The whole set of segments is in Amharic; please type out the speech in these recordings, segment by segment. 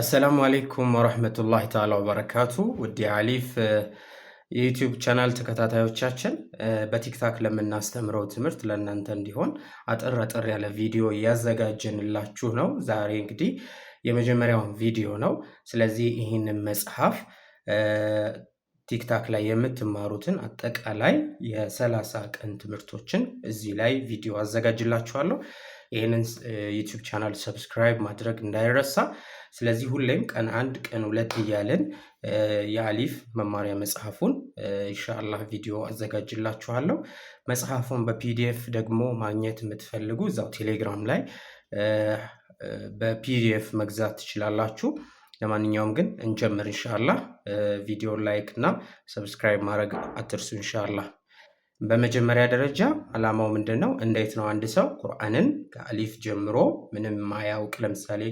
አሰላሙ አሌይኩም ወረህመቱላሂ ተዓላ ወበረካቱ። ውድ አሊፍ የዩቲዩብ ቻናል ተከታታዮቻችን በቲክታክ ለምናስተምረው ትምህርት ለእናንተ እንዲሆን አጠር አጠር ያለ ቪዲዮ እያዘጋጀንላችሁ ነው። ዛሬ እንግዲህ የመጀመሪያውን ቪዲዮ ነው። ስለዚህ ይህንን መጽሐፍ ቲክታክ ላይ የምትማሩትን አጠቃላይ የሰላሳ ቀን ትምህርቶችን እዚህ ላይ ቪዲዮ አዘጋጅላችኋለሁ። ይህንን ዩቲዩብ ቻናል ሰብስክራይብ ማድረግ እንዳይረሳ። ስለዚህ ሁሌም ቀን አንድ ቀን ሁለት እያለን የአሊፍ መማሪያ መጽሐፉን ኢንሻአላህ ቪዲዮ አዘጋጅላችኋለሁ። መጽሐፉን በፒዲኤፍ ደግሞ ማግኘት የምትፈልጉ እዛው ቴሌግራም ላይ በፒዲኤፍ መግዛት ትችላላችሁ። ለማንኛውም ግን እንጀምር። ኢንሻአላህ ቪዲዮ ላይክ እና ሰብስክራይብ ማድረግ አትርሱ። እንሻላ። በመጀመሪያ ደረጃ ዓላማው ምንድን ነው? እንዴት ነው አንድ ሰው ቁርአንን ከአሊፍ ጀምሮ ምንም ማያውቅ ለምሳሌ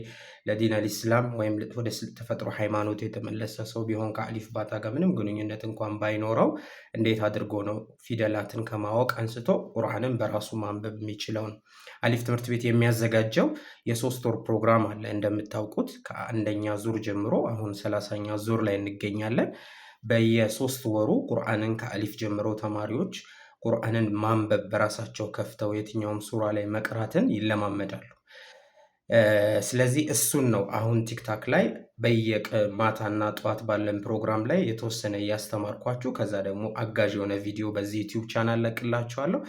ለዲን ኢስላም ወይም ወደ ተፈጥሮ ሃይማኖት የተመለሰ ሰው ቢሆን ከአሊፍ ባታ ጋር ምንም ግንኙነት እንኳን ባይኖረው እንዴት አድርጎ ነው ፊደላትን ከማወቅ አንስቶ ቁርአንን በራሱ ማንበብ የሚችለው ነው። አሊፍ ትምህርት ቤት የሚያዘጋጀው የሶስት ወር ፕሮግራም አለ። እንደምታውቁት ከአንደኛ ዙር ጀምሮ አሁን ሰላሳኛ ዙር ላይ እንገኛለን። በየሶስት ወሩ ቁርአንን ከአሊፍ ጀምሮ ተማሪዎች ቁርአንን ማንበብ በራሳቸው ከፍተው የትኛውም ሱራ ላይ መቅራትን ይለማመዳሉ። ስለዚህ እሱን ነው አሁን ቲክታክ ላይ በየቀ ማታና ጠዋት ባለን ፕሮግራም ላይ የተወሰነ እያስተማርኳችሁ ከዛ ደግሞ አጋዥ የሆነ ቪዲዮ በዚህ ዩቲዩብ ቻናል ለቅላችኋለሁ።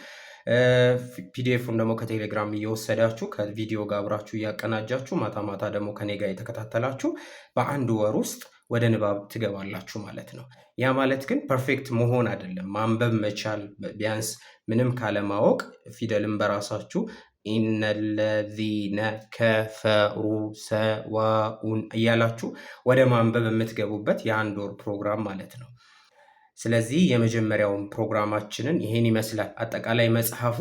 ፒዲኤፉን ደግሞ ከቴሌግራም እየወሰዳችሁ ከቪዲዮ ጋር አብራችሁ እያቀናጃችሁ ማታ ማታ ደግሞ ከኔ ጋር የተከታተላችሁ በአንድ ወር ውስጥ ወደ ንባብ ትገባላችሁ ማለት ነው። ያ ማለት ግን ፐርፌክት መሆን አይደለም። ማንበብ መቻል ቢያንስ ምንም ካለማወቅ ፊደልን በራሳችሁ ኢነለዚነ ከፈሩ ሰዋኡን እያላችሁ ወደ ማንበብ የምትገቡበት የአንድ ወር ፕሮግራም ማለት ነው። ስለዚህ የመጀመሪያውን ፕሮግራማችንን ይሄን ይመስላል። አጠቃላይ መጽሐፉ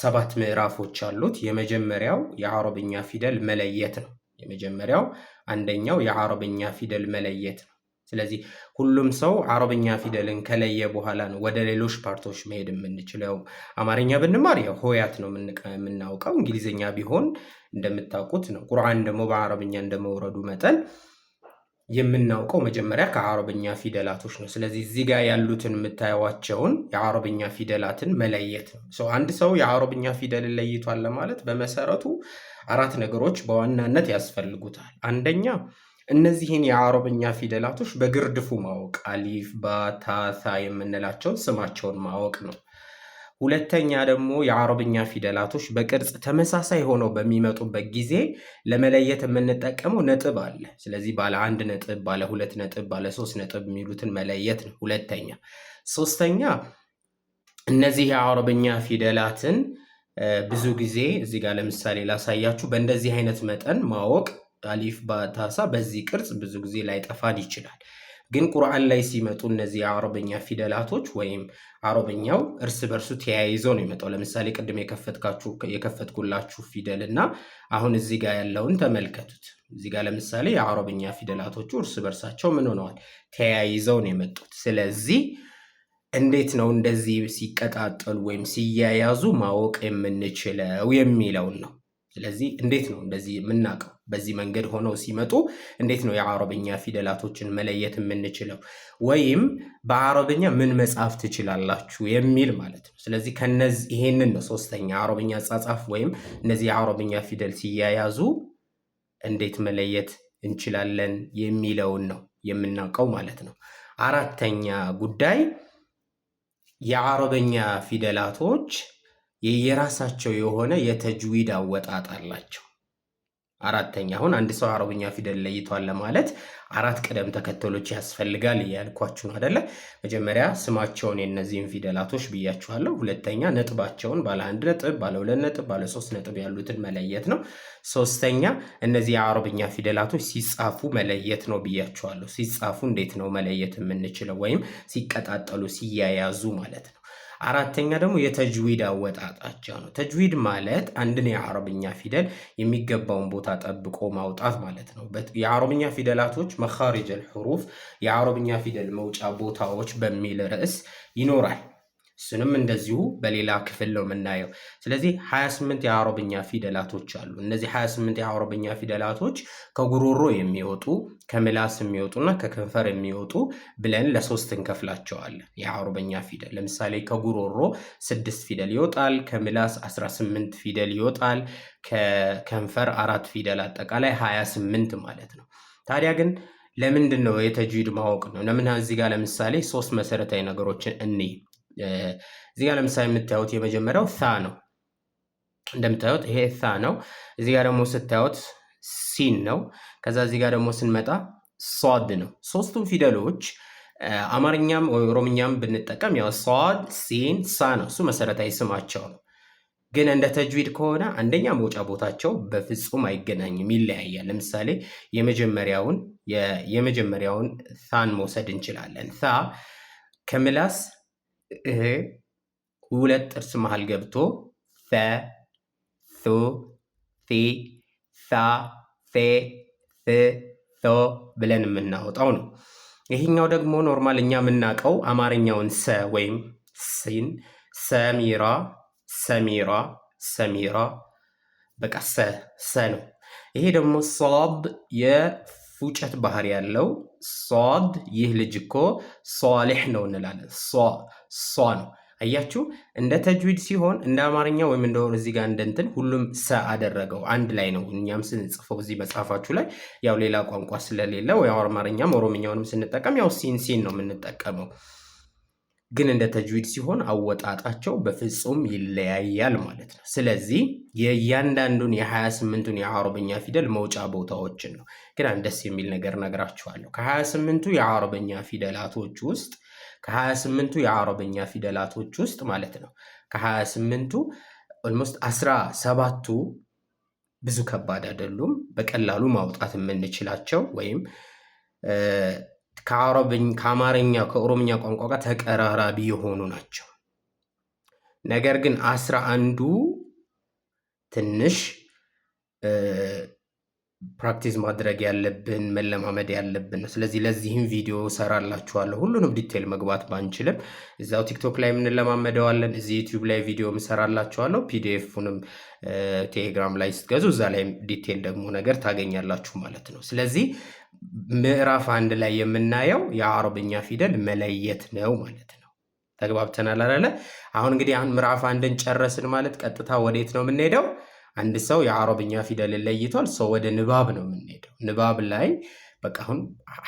ሰባት ምዕራፎች አሉት። የመጀመሪያው የአረብኛ ፊደል መለየት ነው። የመጀመሪያው አንደኛው የአረብኛ ፊደል መለየት ነው። ስለዚህ ሁሉም ሰው አረብኛ ፊደልን ከለየ በኋላ ነው ወደ ሌሎች ፓርቶች መሄድ የምንችለው። አማርኛ ብንማር ሆያት ነው የምናውቀው። እንግሊዝኛ ቢሆን እንደምታውቁት ነው። ቁርአን ደግሞ በአረብኛ እንደመውረዱ መጠን የምናውቀው መጀመሪያ ከአረብኛ ፊደላቶች ነው። ስለዚህ እዚህ ጋር ያሉትን የምታየዋቸውን የአረብኛ ፊደላትን መለየት ነው። አንድ ሰው የአረብኛ ፊደልን ለይቷል ለማለት በመሰረቱ አራት ነገሮች በዋናነት ያስፈልጉታል። አንደኛ እነዚህን የአረብኛ ፊደላቶች በግርድፉ ማወቅ አሊፍ፣ ባታሳ የምንላቸውን ስማቸውን ማወቅ ነው። ሁለተኛ ደግሞ የአረብኛ ፊደላቶች በቅርጽ ተመሳሳይ ሆነው በሚመጡበት ጊዜ ለመለየት የምንጠቀመው ነጥብ አለ። ስለዚህ ባለ አንድ ነጥብ፣ ባለ ሁለት ነጥብ፣ ባለ ሶስት ነጥብ የሚሉትን መለየት ነው። ሁለተኛ። ሶስተኛ እነዚህ የአረብኛ ፊደላትን ብዙ ጊዜ እዚህ ጋር ለምሳሌ ላሳያችሁ። በእንደዚህ አይነት መጠን ማወቅ አሊፍ ባታሳ በዚህ ቅርጽ ብዙ ጊዜ ላይጠፋን ይችላል። ግን ቁርአን ላይ ሲመጡ እነዚህ የአረበኛ ፊደላቶች ወይም አረበኛው እርስ በርሱ ተያይዞ ነው የመጣው። ለምሳሌ ቅድም የከፈትኩላችሁ ፊደል እና አሁን እዚህ ጋር ያለውን ተመልከቱት። እዚህ ጋር ለምሳሌ የአረበኛ ፊደላቶቹ እርስ በርሳቸው ምን ሆነዋል? ተያይዘው ነው የመጡት። ስለዚህ እንዴት ነው እንደዚህ ሲቀጣጠሉ ወይም ሲያያዙ ማወቅ የምንችለው የሚለውን ነው። ስለዚህ እንዴት ነው እንደዚህ የምናውቀው? በዚህ መንገድ ሆነው ሲመጡ እንዴት ነው የአረብኛ ፊደላቶችን መለየት የምንችለው? ወይም በአረብኛ ምን መጻፍ ትችላላችሁ የሚል ማለት ነው። ስለዚህ ከነዚህ ይሄንን ነው ሶስተኛ አረብኛ አጻጻፍ ወይም እነዚህ የአረብኛ ፊደል ሲያያዙ እንዴት መለየት እንችላለን የሚለውን ነው የምናውቀው ማለት ነው። አራተኛ ጉዳይ የአረበኛ ፊደላቶች የየራሳቸው የሆነ የተጅዊድ አወጣጥ አላቸው። አራተኛ አሁን አንድ ሰው አረብኛ ፊደል ለይቷል ለማለት አራት ቅደም ተከተሎች ያስፈልጋል እያልኳችሁ ነው አደለ? መጀመሪያ ስማቸውን የነዚህን ፊደላቶች ብያችኋለሁ። ሁለተኛ ነጥባቸውን ባለ አንድ ነጥብ፣ ባለ ሁለት ነጥብ፣ ባለ ሶስት ነጥብ ያሉትን መለየት ነው። ሶስተኛ እነዚህ የአረብኛ ፊደላቶች ሲጻፉ መለየት ነው ብያችኋለሁ። ሲጻፉ እንዴት ነው መለየት የምንችለው? ወይም ሲቀጣጠሉ ሲያያዙ ማለት ነው። አራተኛ ደግሞ የተጅዊድ አወጣጣቸው ነው። ተጅዊድ ማለት አንድን የአረብኛ ፊደል የሚገባውን ቦታ ጠብቆ ማውጣት ማለት ነው። የአረብኛ ፊደላቶች መኻሪጀል ሑሩፍ የአረብኛ ፊደል መውጫ ቦታዎች በሚል ርዕስ ይኖራል። እሱንም እንደዚሁ በሌላ ክፍል ነው የምናየው። ስለዚህ 28 የአረብኛ ፊደላቶች አሉ። እነዚህ 28 የአረብኛ ፊደላቶች ከጉሮሮ የሚወጡ ከምላስ የሚወጡና ከከንፈር የሚወጡ ብለን ለሶስት እንከፍላቸዋለን። የአረብኛ ፊደል ለምሳሌ ከጉሮሮ ስድስት ፊደል ይወጣል፣ ከምላስ 18 ፊደል ይወጣል፣ ከከንፈር አራት ፊደል አጠቃላይ 28 ማለት ነው። ታዲያ ግን ለምንድን ነው የተጅዊድ ማወቅ ነው? ለምን እዚህ ጋር ለምሳሌ ሶስት መሰረታዊ ነገሮችን እንይ እዚህ ጋር ለምሳሌ የምታዩት የመጀመሪያው ሳ ነው። እንደምታዩት ይሄ ሳ ነው። እዚህ ጋር ደግሞ ስታዩት ሲን ነው። ከዛ እዚህ ጋር ደግሞ ስንመጣ ሷድ ነው። ሶስቱም ፊደሎች አማርኛም ኦሮምኛም ብንጠቀም ያው ሷድ፣ ሲን፣ ሳ ነው። እሱ መሰረታዊ ስማቸው ነው። ግን እንደ ተጅዊድ ከሆነ አንደኛ መውጫ ቦታቸው በፍጹም አይገናኝም፣ ይለያያል። ለምሳሌ የመጀመሪያውን የመጀመሪያውን ሳን መውሰድ እንችላለን። ሳ ከምላስ እ ሁለት ጥርስ መሃል ገብቶ ሰ ሱ ሲ ሳ ሴ ስ ሶ ብለን የምናወጣው ነው። ይሄኛው ደግሞ ኖርማል እኛ የምናውቀው አማርኛውን ሰ ወይም ሲን ሰሚራ ሰሚራ ሰሚራ በቃ ሰ ሰ ነው። ይሄ ደግሞ ሶብ የፉጨት ባህሪ ያለው ሶድ። ይህ ልጅ እኮ ሷሊሕ ነው እንላለን። ሷ ነው። አያችሁ እንደ ተጅዊድ ሲሆን እንደ አማርኛ ወይም እንደ እዚህ ጋር እንደንትን ሁሉም ሰ አደረገው አንድ ላይ ነው። እኛም ስንጽፈው እዚህ መጽሐፋችሁ ላይ ያው ሌላ ቋንቋ ስለሌለ ወይ አማርኛም ኦሮምኛውንም ስንጠቀም ያው ሲን ሲን ነው የምንጠቀመው። ግን እንደ ተጅዊድ ሲሆን አወጣጣቸው በፍጹም ይለያያል ማለት ነው። ስለዚህ የእያንዳንዱን የ28ቱን የአረበኛ ፊደል መውጫ ቦታዎችን ነው። ግን ደስ የሚል ነገር ነግራችኋለሁ። ከ28ቱ የአረበኛ ፊደላቶች ውስጥ ከ28ቱ የአረበኛ ፊደላቶች ውስጥ ማለት ነው ከ28ቱ ኦልሞስት አስራ ሰባቱ ብዙ ከባድ አይደሉም፣ በቀላሉ ማውጣት የምንችላቸው ወይም ከአማርኛ ከኦሮምኛ ቋንቋ ጋር ተቀራራቢ የሆኑ ናቸው። ነገር ግን አስራ አንዱ ትንሽ ፕራክቲስ ማድረግ ያለብን መለማመድ ያለብን ነው። ስለዚህ ለዚህም ቪዲዮ ሰራላችኋለሁ። ሁሉንም ዲቴል መግባት ባንችልም እዛው ቲክቶክ ላይ የምንለማመደዋለን። እዚህ ዩቲዩብ ላይ ቪዲዮም ምሰራላችኋለሁ። ፒዲኤፉንም ቴሌግራም ላይ ስትገዙ እዛ ላይ ዲቴል ደግሞ ነገር ታገኛላችሁ ማለት ነው። ስለዚህ ምዕራፍ አንድ ላይ የምናየው የአረብኛ ፊደል መለየት ነው ማለት ነው። ተግባብተናል አላለ? አሁን እንግዲህ አሁን ምዕራፍ አንድን ጨረስን ማለት ቀጥታ ወዴት ነው የምንሄደው? አንድ ሰው የአረብኛ ፊደልን ለይቷል። ሰው ወደ ንባብ ነው የምንሄደው። ንባብ ላይ በቃ አሁን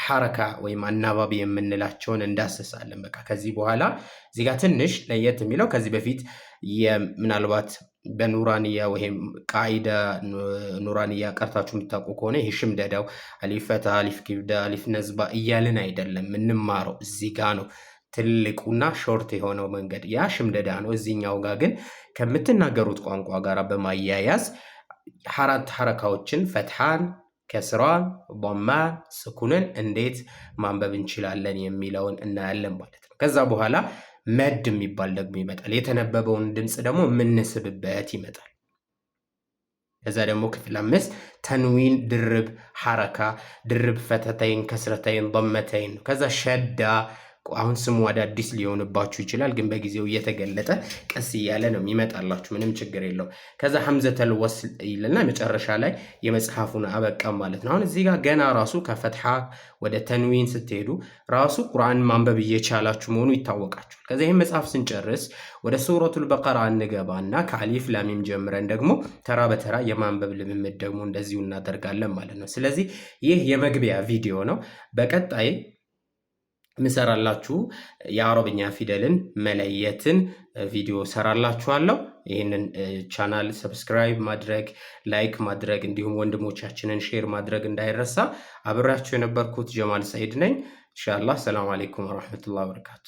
ሐረካ ወይም አናባቢ የምንላቸውን እንዳስሳለን። በቃ ከዚህ በኋላ እዚህ ጋር ትንሽ ለየት የሚለው ከዚህ በፊት ምናልባት በኑራንያ ወይም ቃይዳ ኑራንያ ቀርታችሁ የምታውቁ ከሆነ ይህ ሽምደዳው አሊፍ ፈትህ፣ አሊፍ ኪብዳ፣ አሊፍ ነዝባ እያልን አይደለም የምንማረው እዚህ ጋ ነው። ትልቁና ሾርት የሆነው መንገድ ያ ሽምደዳ ነው። እዚህኛው ጋር ግን ከምትናገሩት ቋንቋ ጋር በማያያዝ አራት ሐረካዎችን ፈትሐን፣ ከስራን፣ ቦማን፣ ስኩንን እንዴት ማንበብ እንችላለን የሚለውን እናያለን ማለት ነው። ከዛ በኋላ መድ የሚባል ደግሞ ይመጣል። የተነበበውን ድምፅ ደግሞ የምንስብበት ይመጣል። ከዛ ደግሞ ክፍል አምስት ተንዊን ድርብ ሐረካ ድርብ ፈተተይን፣ ከስረተይን፣ በመተይን ነው። ከዛ ሸዳ አሁን ስሙ አዳዲስ ሊሆንባችሁ ይችላል፣ ግን በጊዜው እየተገለጠ ቀስ እያለ ነው የሚመጣላችሁ። ምንም ችግር የለው። ከዛ ሐምዘተል ወስል ይልና መጨረሻ ላይ የመጽሐፉን አበቃ ማለት ነው። አሁን እዚህ ጋር ገና ራሱ ከፈትሓ ወደ ተንዊን ስትሄዱ ራሱ ቁርአን ማንበብ እየቻላችሁ መሆኑ ይታወቃችኋል። ከዚ ይህም መጽሐፍ ስንጨርስ ወደ ሱረቱል በቀራ እንገባና ከአሊፍ ላሚም ጀምረን ደግሞ ተራ በተራ የማንበብ ልምምድ ደግሞ እንደዚሁ እናደርጋለን ማለት ነው። ስለዚህ ይህ የመግቢያ ቪዲዮ ነው። በቀጣይ ምሰራላችሁ የአረብኛ ፊደልን መለየትን ቪዲዮ ሰራላችኋለሁ። ይህንን ቻናል ሰብስክራይብ ማድረግ፣ ላይክ ማድረግ እንዲሁም ወንድሞቻችንን ሼር ማድረግ እንዳይረሳ። አብሬያችሁ የነበርኩት ጀማል ሰይድ ነኝ። ኢንሻላህ ሰላም አሌይኩም ወረሕመቱላህ በረካቱ